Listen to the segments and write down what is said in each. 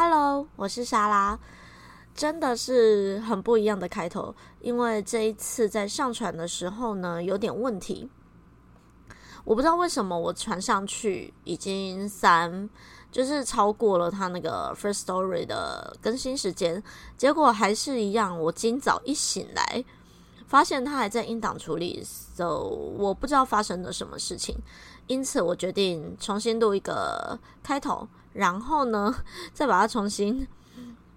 Hello，我是莎拉，真的是很不一樣的開頭，因為這一次在上傳的時候呢，有點問題，我不知道為什麼我傳上去已經三，就是超過了他那個 first story 的更新時間，結果還是一樣，我今早一醒來，發現它還在音檔處理，so 我不知道發生了什麼事情，因此我決定重新錄一個開頭。然後呢，再把它重新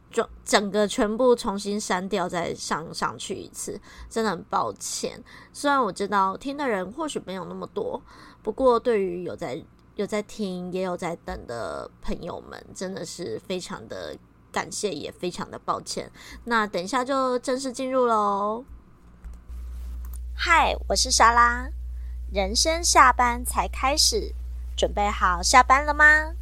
裝，整個全部重新刪掉，再上上去一次。真的很抱歉，雖然我知道聽的人或許沒有那麼多，不過對於有在有在聽也有在等的朋友們，真的是非常的感謝，也非常的抱歉。那等一下就正式進入嘍。嗨，我是莎拉，人生下班才開始，準備好下班了嗎？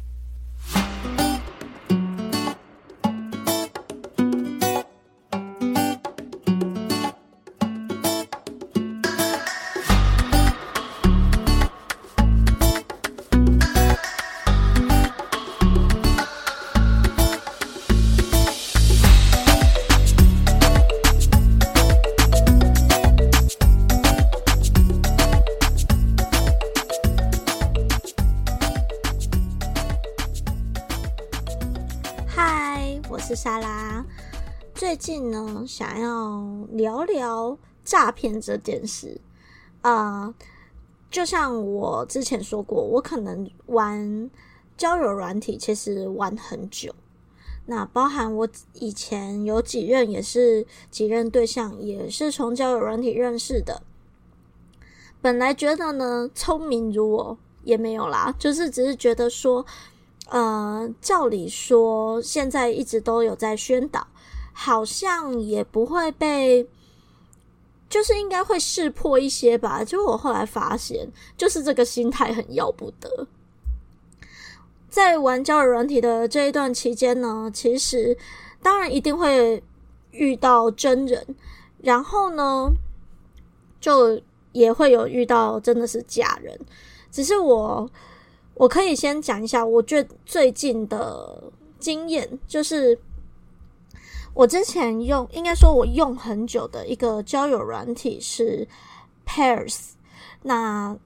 想要聊聊詐騙這件事，呃，就像我之前說過，我可能玩交友軟體，其實玩很久。那包含我以前有幾任也是幾任對象，也是從交友軟體認識的。本來覺得呢，聰明如我，也沒有啦，就是只是覺得說，呃，照理說現在一直都有在宣導。好像也不會被，就是應該會識破一些吧。就我後來發現，就是這個心態很要不得。在玩交友軟體的這一段期間呢，其實當然一定會遇到真人，然後呢，就也會有遇到真的是假人。只是我我可以先講一下，我最最近的經驗就是。我之前用，應該說我用很久的一個交友軟體是 Pairs。那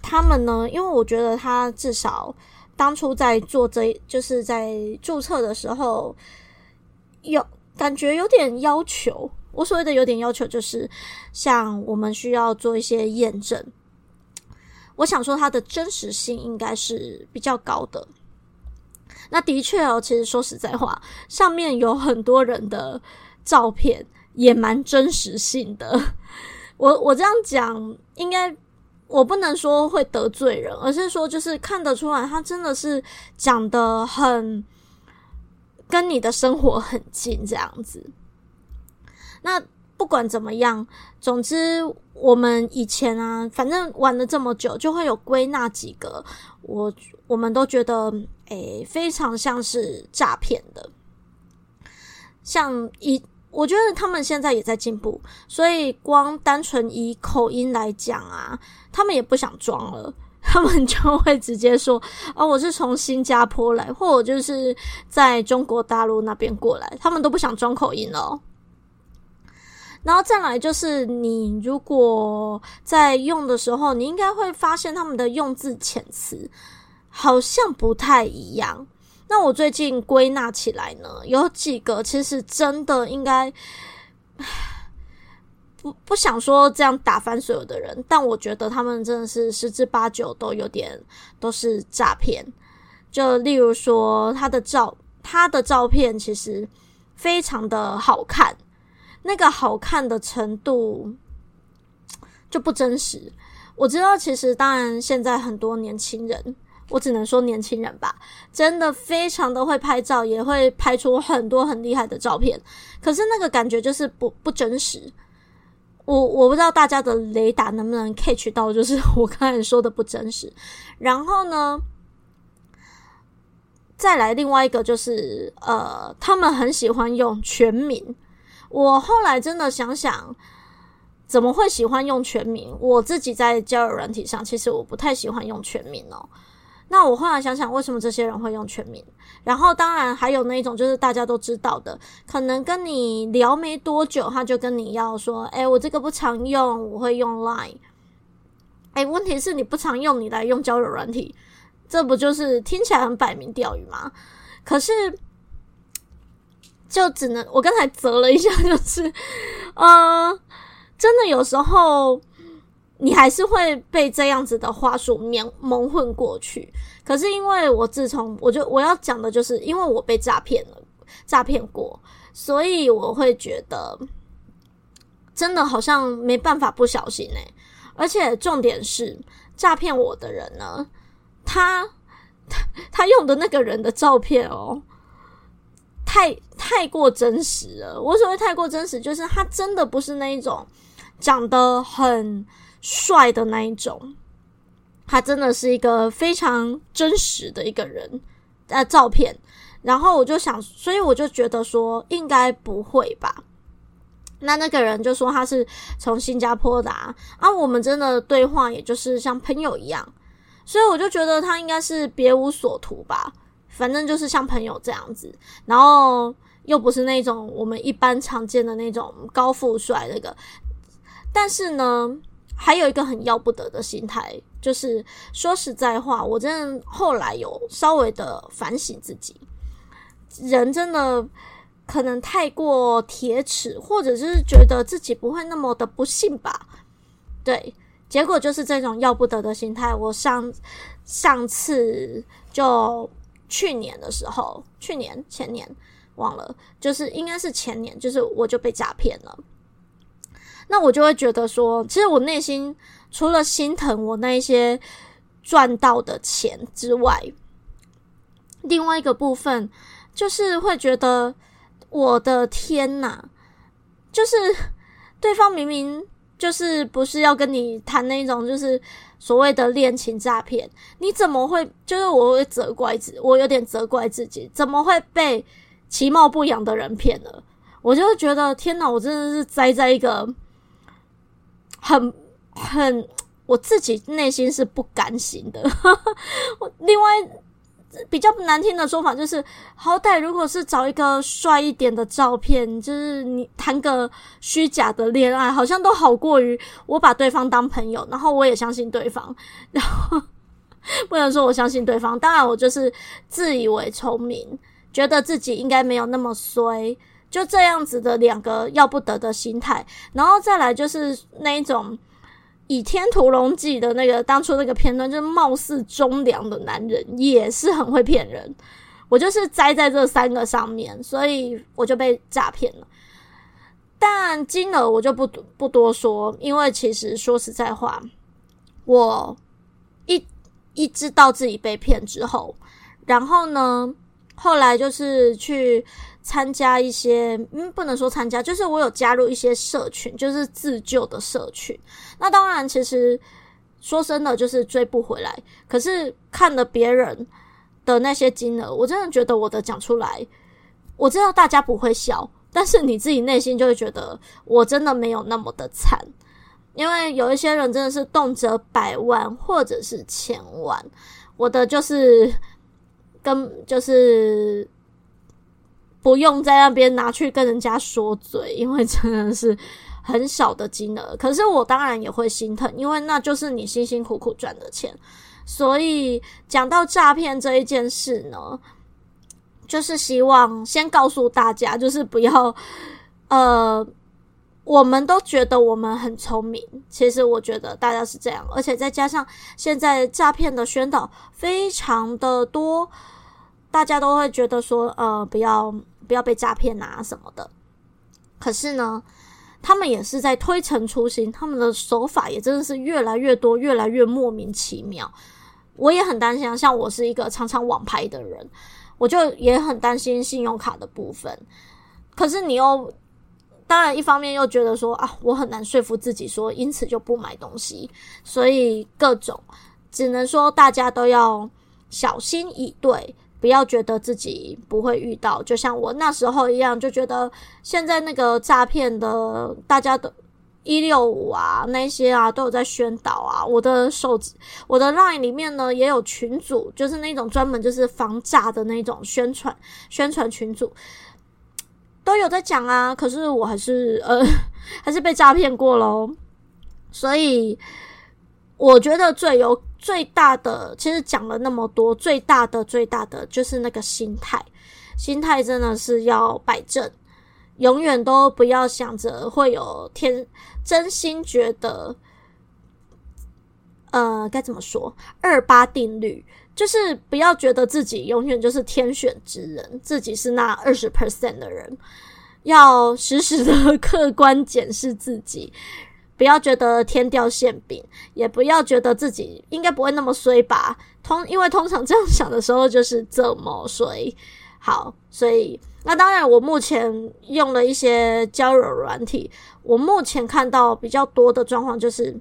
他們呢？因為我覺得他至少當初在做這，就是在註冊的時候有，感覺有點要求。我所謂的有點要求，就是像我們需要做一些驗證。我想說，它的真實性應該是比較高的。那的確哦，其實說實在話，上面有很多人的照片也蠻真實性的。我我這樣講，應該我不能說會得罪人，而是說就是看得出來，他真的是講得很跟你的生活很近這樣子。那不管怎麼樣，總之我們以前啊，反正玩了這麼久，就會有歸納幾個，我我們都覺得。哎、欸，非常像是詐騙的，像一，我覺得他們現在也在進步，所以光單純以口音來講啊，他們也不想裝了，他們就會直接說啊、哦，我是從新加坡來，或者就是在中國大陸那邊過來，他們都不想裝口音了、喔。然後再來就是，你如果在用的時候，你應該會發現他們的用字遣詞。好像不太一樣。那我最近歸納起來呢，有幾個其實真的應該不不想說，這樣打翻所有的人，但我覺得他們真的是十之八九都有點都是詐騙。就例如說他的照他的照片，其實非常的好看，那個好看的程度就不真實。我知道，其實當然現在很多年輕人。我只能說年輕人吧，真的非常的會拍照，也會拍出很多很厲害的照片。可是那個感覺就是不不真實。我我不知道大家的雷達能不能 catch 到，就是我剛才說的不真實。然後呢，再來另外一個就是，呃，他們很喜歡用全名。我後來真的想想，怎麼會喜歡用全名？我自己在交友軟體上，其實我不太喜歡用全名哦、喔。那我後來想想，為什麼這些人會用全名？然後當然還有那一種，就是大家都知道的，可能跟你聊沒多久，他就跟你要說：“哎、欸，我這個不常用，我會用 Line。欸”哎，問題是你不常用，你來用交友軟體，這不就是聽起來很擺明釣魚嗎？可是就只能我剛才擇了一下，就是嗯、呃，真的有時候。你還是會被這樣子的話術蒙混過去。可是因為我自從我就我要講的就是因為我被詐騙了，詐騙過，所以我會覺得真的好像沒辦法不小心呢、欸。而且重點是詐騙我的人呢，他他他用的那個人的照片哦、喔，太，太過真實了。我所謂太過真實，就是他真的不是那一種講得很。帥的那一種，他真的是一個非常真實的一個人的、啊、照片。然後我就想，所以我就覺得說，應該不會吧？那那個人就說他是從新加坡的啊、啊。我們真的對話也就是像朋友一樣，所以我就覺得他應該是別無所圖吧。反正就是像朋友這樣子，然後又不是那種我們一般常見的那種高富帥那個。但是呢。還有一個很要不得的心態，就是說實在話，我真的後來有稍微的反省自己，人真的可能太過鐵齒，或者是覺得自己不會那麼的不幸吧？對，結果就是這種要不得的心態。我上，上次就去年的時候，去年，前年忘了，就是應該是前年，就是我就被詐騙了。那我就會覺得說，其實我內心除了心疼我那一些賺到的錢之外，另外一個部分就是會覺得，我的天哪！就是對方明明就是不是要跟你談那種就是所謂的戀情詐騙，你怎麼會？就是我會責怪自，我有點責怪自己，怎麼會被其貌不揚的人騙了？我就會覺得天哪，我真的是栽在一個。很很，我自己內心是不甘心的。 我另外比較難聽的說法就是，好歹如果是找一個帥一點的照片，就是你談個虛假的戀愛，好像都好過於我把對方當朋友，然後我也相信對方，然後 不能說我相信對方。當然，我就是自以為聰明，覺得自己應該沒有那麼衰。就這樣子的兩個要不得的心態，然後再來就是那一種《倚天屠龍記》的那個當初那個片段，就是貌似忠良的男人也是很會騙人。我就是栽在這三個上面，所以我就被詐騙了。但金額我就不不多說，因為其實說實在話，我一一知道自己被騙之後，然後呢，後來就是去。參加一些，嗯，不能說參加，就是我有加入一些社群，就是自救的社群。那當然，其實說真的，就是追不回來。可是看了別人的那些金額，我真的覺得我的講出來，我知道大家不會笑，但是你自己內心就會覺得我真的沒有那麼的慘。因為有一些人真的是動輒百萬或者是千萬，我的就是跟就是。不用在那邊拿去跟人家說嘴，因為真的是很少的金額。可是我當然也會心疼，因為那就是你辛辛苦苦賺的錢。所以講到詐騙這一件事呢，就是希望先告訴大家，就是不要呃，我們都覺得我們很聰明，其實我覺得大家是這樣，而且再加上現在詐騙的宣導非常的多，大家都會覺得說呃，不要。不要被詐騙啊什麼的，可是呢，他們也是在推陳出新，他們的手法也真的是越來越多，越來越莫名其妙。我也很擔心啊，像我是一個常常網拍的人，我就也很擔心信用卡的部分。可是你又，當然一方面又覺得說啊，我很難說服自己說，因此就不買東西，所以各種只能說大家都要小心以對。不要覺得自己不會遇到，就像我那時候一樣，就覺得現在那個詐騙的，大家的165啊，那些啊，都有在宣導啊。我的手，我的 line 裡面呢也有群組，就是那種專門就是防詐的那種宣傳宣傳群組，都有在講啊。可是我還是呃，還是被詐騙過咯，所以我覺得最有。最大的其實講了那麼多，最大的最大的就是那個心態，心態真的是要擺正，永遠都不要想着會有天，真心覺得，呃，該怎麼說，二八定律，就是不要覺得自己永遠就是天選之人，自己是那二十 percent 的人，要時時的客觀檢視自己。不要覺得天掉餡餅，也不要覺得自己應該不會那麼衰吧。通因為通常這樣想的時候就是這麼衰。好，所以那當然，我目前用了一些交友軟體。我目前看到比較多的狀況就是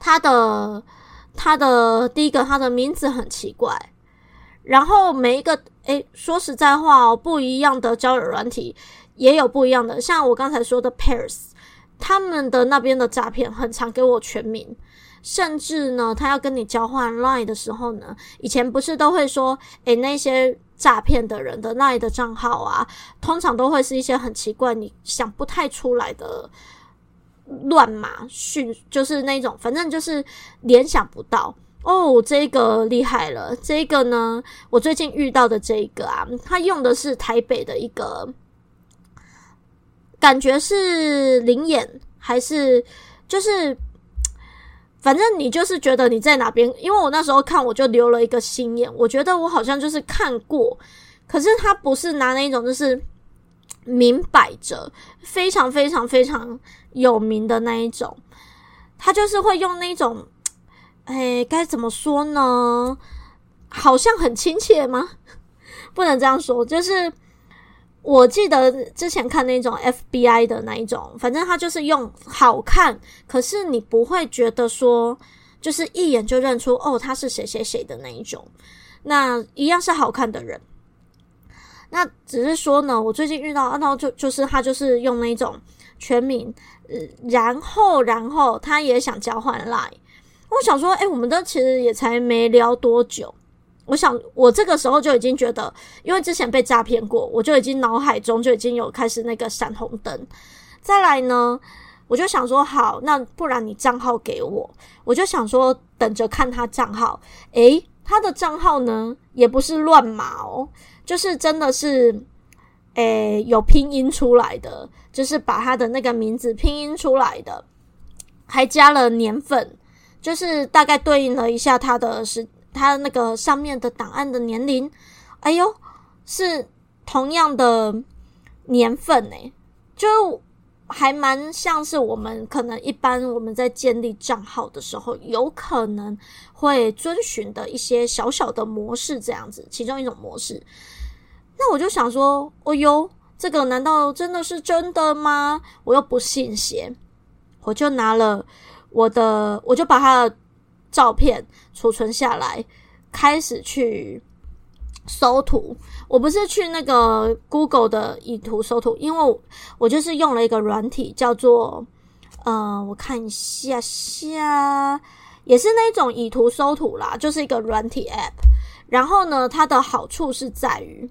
它，它的它的第一個它的名字很奇怪，然後每一個誒說實在話，哦，不一樣的交友軟體也有不一樣的。像我剛才說的 Pairs，他們的那邊的詐騙很常給我全名，甚至呢，他要跟你交換 Line 的時候呢，以前不是都會說，誒、欸，那些詐騙的人的 Line 的賬號啊，通常都會是一些很奇怪，你想不太出來的亂碼訊，就是那種，反正就是聯想不到。哦，這個厲害了，這個呢，我最近遇到的這個啊，他用的是台北的一個。感覺是臨演還是就是，反正你就是覺得你在哪邊？因為我那時候看，我就留了一個心眼，我覺得我好像就是看過，可是他不是拿那種，就是明擺着非常非常非常有名的那一種，他就是會用那種，哎、欸，該怎麼說呢？好像很親切嗎？不能這樣說，就是。我記得之前看那種 FBI 的那一種，反正他就是用好看，可是你不會覺得說，就是一眼就認出哦他是誰誰誰的那一種。那一樣是好看的人，那只是說呢，我最近遇到，那我就就是他就是用那一種全名、呃，然後然後他也想交換 Line，我想說，哎、欸，我們都其實也才沒聊多久。我想，我這個時候就已經覺得，因為之前被詐騙過，我就已經腦海中就已經有開始那個閃紅燈。再來呢，我就想說，好，那不然你賬號給我，我就想說等着看他賬號。誒、欸，他的賬號呢也不是亂碼哦，就是真的是，誒、欸，有拼音出來的，就是把他的那個名字拼音出來的，還加了年份，就是大概對應了一下他的他那個上面的檔案的年齡，哎呦，是同樣的年份欸，就還蠻像是我們可能一般我們在建立賬號的時候，有可能會遵循的一些小小的模式這樣子，其中一種模式。那我就想說，哦呦，這個難道真的是真的嗎？我又不信邪，我就拿了我的，我就把他的照片。儲存下來，開始去搜圖。我不是去那個 Google 的以圖搜圖，因為我，我就是用了一個軟體，叫做呃，我看一下下，也是那種以圖搜圖啦，就是一個軟體 App。然後呢，它的好處是在於。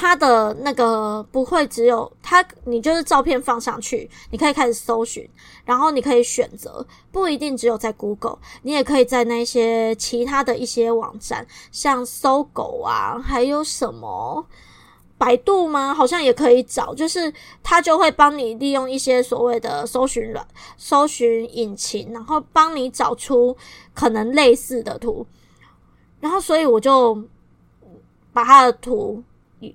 它的那個不會只有它，你就是照片放上去，你可以開始搜尋，然後你可以選擇，不一定只有在 Google，你也可以在那些其他的一些網站，像搜狗啊，還有什麼，百度嗎？好像也可以找，就是他就會幫你利用一些所謂的搜尋軟，搜尋引擎，然後幫你找出可能類似的圖，然後所以我就把它的圖。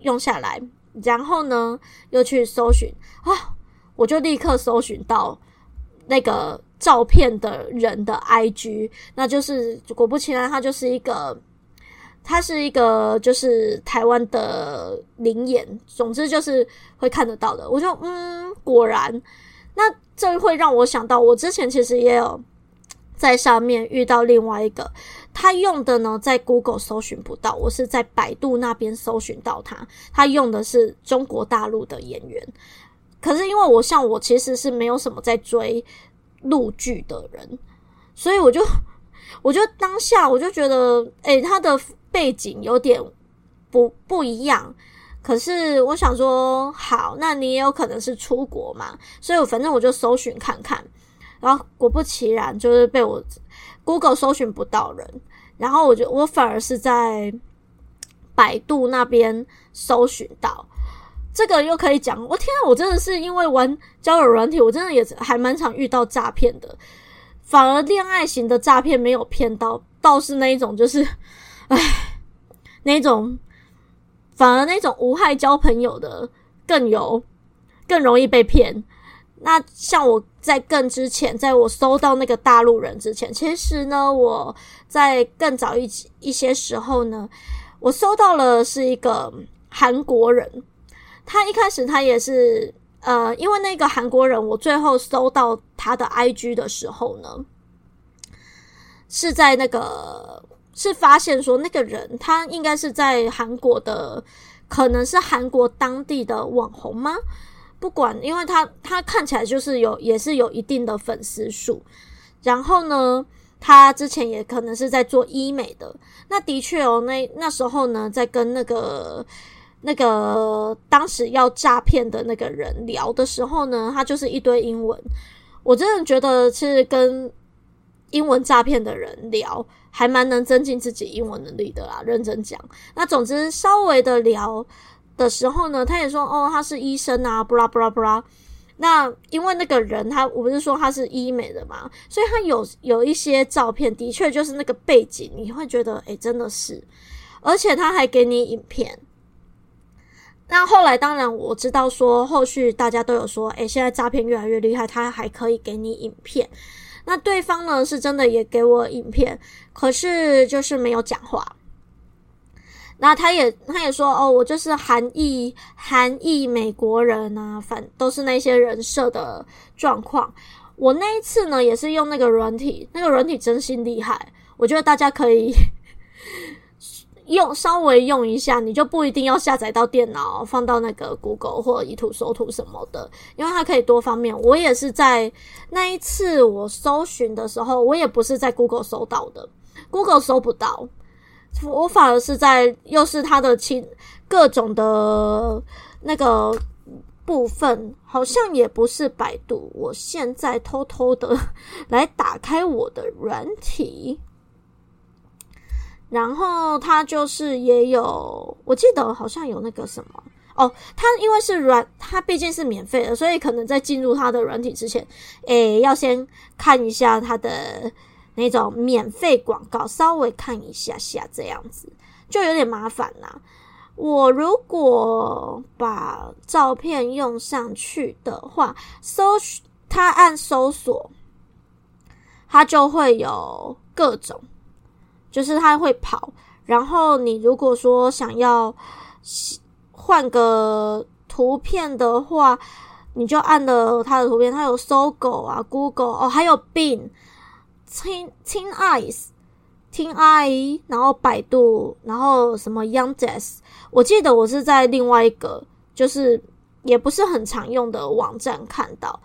用下來，然後呢，又去搜尋啊，我就立刻搜尋到那個照片的人的 IG，那就是果不其然，他就是一個，他是一個就是台灣的靈媒，總之就是會看得到的。我就嗯，果然，那這會讓我想到，我之前其實也有在上面遇到另外一個。他用的呢，在 Google 搜尋不到，我是在百度那邊搜尋到他。他用的是中國大陸的演員，可是因為我像我其實是沒有什麼在追陸劇的人，所以我就，我就當下我就覺得，欸，他的背景有點不不一樣。可是我想說，好，那你也有可能是出國嘛，所以我反正我就搜尋看看。然後果不其然，就是被我 Google 搜尋不到人。然後我就我反而是在百度那邊搜尋到這個，又可以講，我、哦、天，我真的是因為玩交友軟體，我真的也還蠻常遇到詐騙的。反而戀愛型的詐騙沒有騙到，倒是那一種就是，唉，那一種反而那種無害交朋友的更有更容易被騙。那像我。在更之前，在我搜到那個大陸人之前，其實呢，我在更早一一些時候呢，我搜到了是一個韓國人。他一開始他也是呃，因為那個韓國人，我最後搜到他的 IG 的時候呢，是在那個，是發現說那個人，他應該是在韓國的，可能是韓國當地的網紅嗎？不管，因為他他看起來就是有也是有一定的粉絲數，然後呢，他之前也可能是在做醫美的。那的確哦，那那時候呢，在跟那個那個當時要詐騙的那個人聊的時候呢，他就是一堆英文。我真的覺得是跟英文詐騙的人聊，還蠻能增進自己英文能力的啦，認真講。那總之稍微的聊的時候呢，他也說哦，他是醫生啊，布拉布拉布拉。那因為那個人他我不是說他是醫美的嘛，所以他有有一些照片，的確就是那個背景，你會覺得誒、欸、真的是。而且他還給你影片。那後來當然我知道說，後續大家都有說，誒、欸，現在詐騙越來越厲害，他還可以給你影片。那對方呢是真的也給我影片，可是就是沒有講話。後、啊、他也他也說哦，我就是韓裔韓裔美國人吶、啊，反都是那些人設的狀況。我那一次呢，也是用那個軟體，那個軟體真心厲害，我覺得大家可以用稍微用一下，你就不一定要下載到電腦，放到那個 Google 或以、e、圖搜圖什麼的，因為它可以多方面。我也是在那一次我搜尋的時候，我也不是在 Google 搜到的，Google 搜不到。我反而是在，又是他的其，各種的那個部分，好像也不是百度。我現在偷偷的來打開我的軟體，然後他就是也有，我記得好像有那個什麼哦，他因為是軟，他畢竟是免費的，所以可能在進入他的軟體之前，誒、欸，要先看一下他的。那種免費廣告，稍微看一下下這樣子，就有點麻煩啦，啊，我如果把照片用上去的話，搜他按搜索，它就會有各種，就是它會跑。然後你如果說想要換個圖片的話，你就按了它的圖片，它有搜狗啊，Google 哦，還有 Bing。青青 eyes，青 eye，然後百度，然後什麼 Yandex，我記得我是在另外一個，就是也不是很常用的網站看到，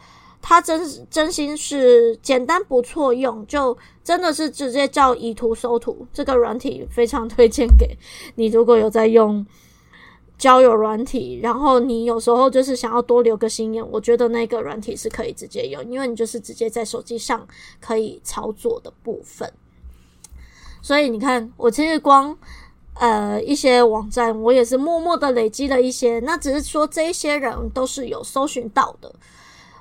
它真真心是簡單不錯用，就真的是直接叫以圖搜圖這個軟體非常推薦給你，如果有在用。交友軟體，然後你有時候就是想要多留個心眼，我覺得那個軟體是可以直接用，因為你就是直接在手機上可以操作的部分。所以你看，我其實光呃一些網站，我也是默默的累積了一些。那只是說這一些人都是有搜尋到的，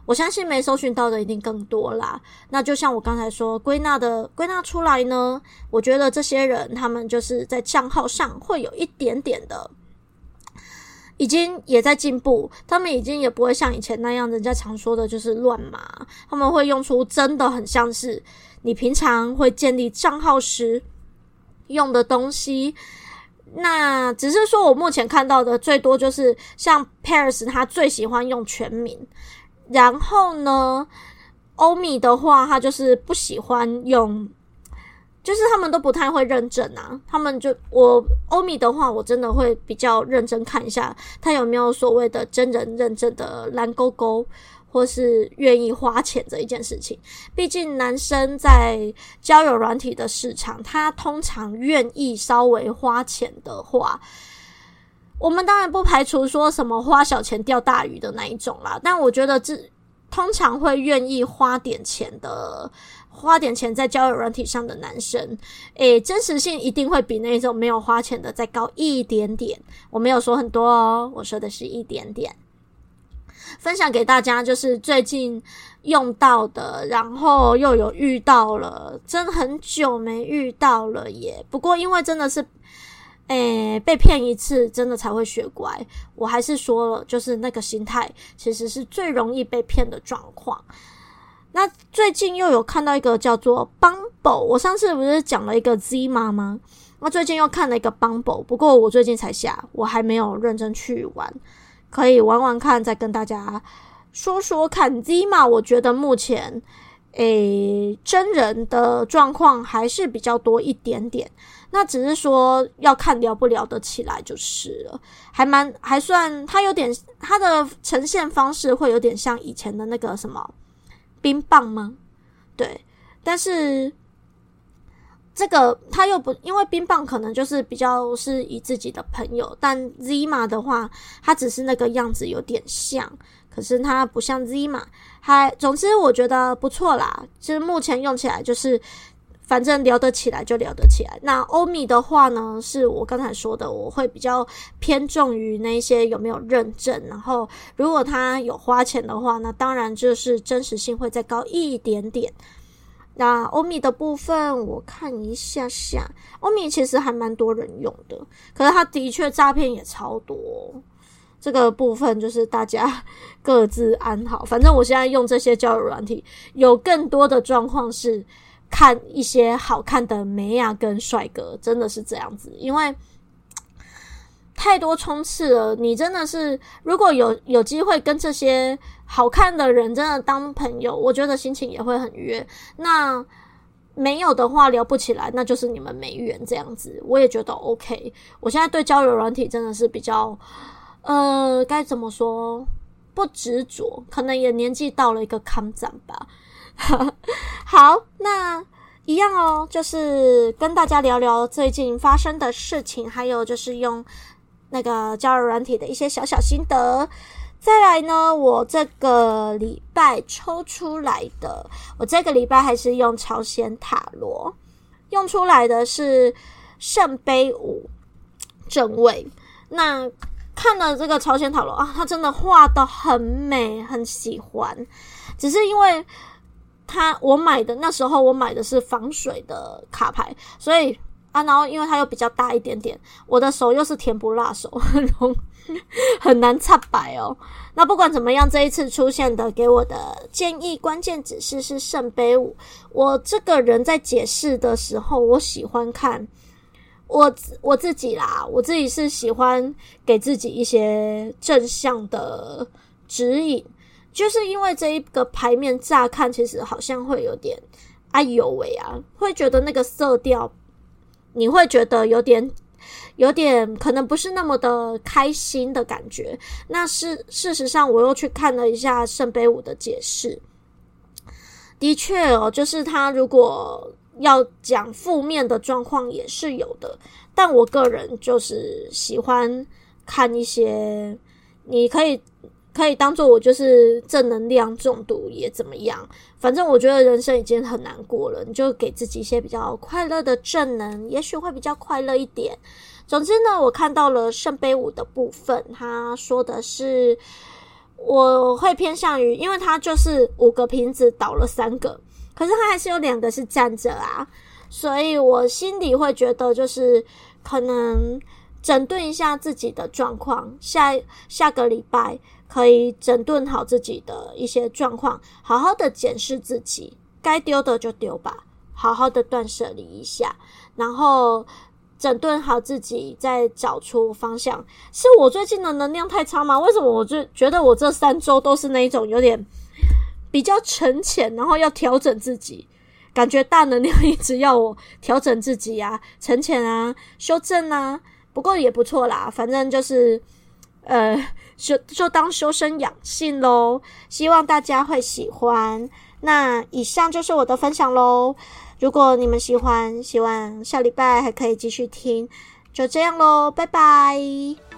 我相信沒搜尋到的一定更多啦。那就像我剛才說，歸納的歸納出來呢，我覺得這些人他們就是在賬號上會有一點點的。已經也在進步，他們已經也不會像以前那樣，人家常說的就是亂碼，他們會用出真的很像是你平常會建立賬號時用的東西。那只是說我目前看到的最多就是像 Paris，他最喜歡用全名，然後呢，歐米的話，他就是不喜歡用。就是他們都不太會認證啊，他們就我歐米的話，我真的會比較認真看一下他有沒有所謂的真人認證的藍勾勾，或是願意花錢這一件事情。畢竟男生在交友軟體的市場，他通常願意稍微花錢的話，我們當然不排除說什麼花小錢釣大魚的那一種啦。但我覺得這通常會願意花點錢的。花點錢在交友軟體上的男生，誒、欸，真實性一定會比那種沒有花錢的再高一點點。我沒有說很多哦，我說的是一點點。分享給大家就是最近用到的，然後又有遇到了，真很久沒遇到了耶。不過因為真的是，誒、欸，被騙一次真的才會學乖。我還是說了，就是那個心態其實是最容易被騙的狀況。那最近又有看到一個叫做 Bumble。我上次不是講了一個 Zima 嗎？那最近又看了一個 Bumble，不過我最近才下，我還沒有認真去玩，可以玩玩看，再跟大家說說看。Zima 我覺得目前誒、欸，真人的狀況還是比較多一點點，那只是說要看聊不聊得起來就是了，還蠻還算，它有點它的呈現方式會有點像以前的那個什麼，冰棒嗎？對，但是這個他又不，因為冰棒可能就是比較是以自己的朋友，但 Zima 的話，他只是那個樣子有點像，可是他不像 Zima。還總之，我覺得不錯啦。就是目前用起來就是。反正聊得起來就聊得起來。那歐米的話呢，是我剛才說的，我會比較偏重於那些有沒有認證。然後如果他有花錢的話，那當然就是真實性會再高一點點。那歐米的部分，我看一下下，歐米其實還蠻多人用的，可是他的確詐騙也超多。這個部分就是大家各自安好。反正我現在用這些交友軟體，有更多的狀況是。看一些好看的美亞跟帥哥，真的是這樣子，因為太多衝刺了。你真的是如果有有機會跟這些好看的人真的當朋友，我覺得心情也會很愉悅。那沒有的話聊不起來，那就是你們沒緣這樣子。我也覺得 OK。我現在對交友軟體真的是比較，呃，該怎麼說？不執着，可能也年紀到了一個抗戰吧。 好，那一樣哦，就是跟大家聊聊最近發生的事情，還有就是用那個交友軟體的一些小小心得。再來呢，我這個禮拜抽出來的，我這個禮拜還是用朝鮮塔羅，用出來的是聖杯五正位。那看了這個朝鮮塔羅啊，他真的畫得很美，很喜歡。只是因為。他，我買的那時候，我買的是防水的卡牌，所以啊，然後因為它又比較大一點點，我的手又是甜不辣手，很容，很難擦白哦。那不管怎麼樣，這一次出現的給我的建議關鍵指示是聖杯五。我這個人在解釋的時候，我喜歡看我我自己啦，我自己是喜歡給自己一些正向的指引。就是因為這一個牌面，乍看其實好像會有點，哎呦喂啊，會覺得那個色調，你會覺得有點，有點可能不是那麼的開心的感覺。那是事,事實上，我又去看了一下聖杯五的解釋，的確哦，就是他如果要講負面的狀況也是有的，但我個人就是喜歡看一些，你可以。可以當做我就是正能量中毒也怎麼樣，反正我覺得人生已經很難過了，你就給自己一些比較快樂的正能量，也許會比較快樂一點。總之呢，我看到了聖杯五的部分，他說的是我會偏向於，因為他就是五個瓶子倒了三個，可是他還是有兩個是站着啊，所以我心裡會覺得就是可能整頓一下自己的狀況，下下個禮拜可以整頓好自己的一些狀況，好好的檢視自己，該丟的就丟吧，好好的斷捨離一下，然後整頓好自己，再找出方向。是我最近的能量太差嗎？為什麼我就覺得我這三周都是那一種有點比較沉潛，然後要調整自己，感覺大能量一直要我調整自己啊，沉潛啊，修正啊，不過也不錯啦，反正就是呃。就就當修身養性嘍，希望大家會喜歡。那以上就是我的分享嘍。如果你們喜歡，希望下禮拜還可以繼續聽。就這樣嘍，拜拜。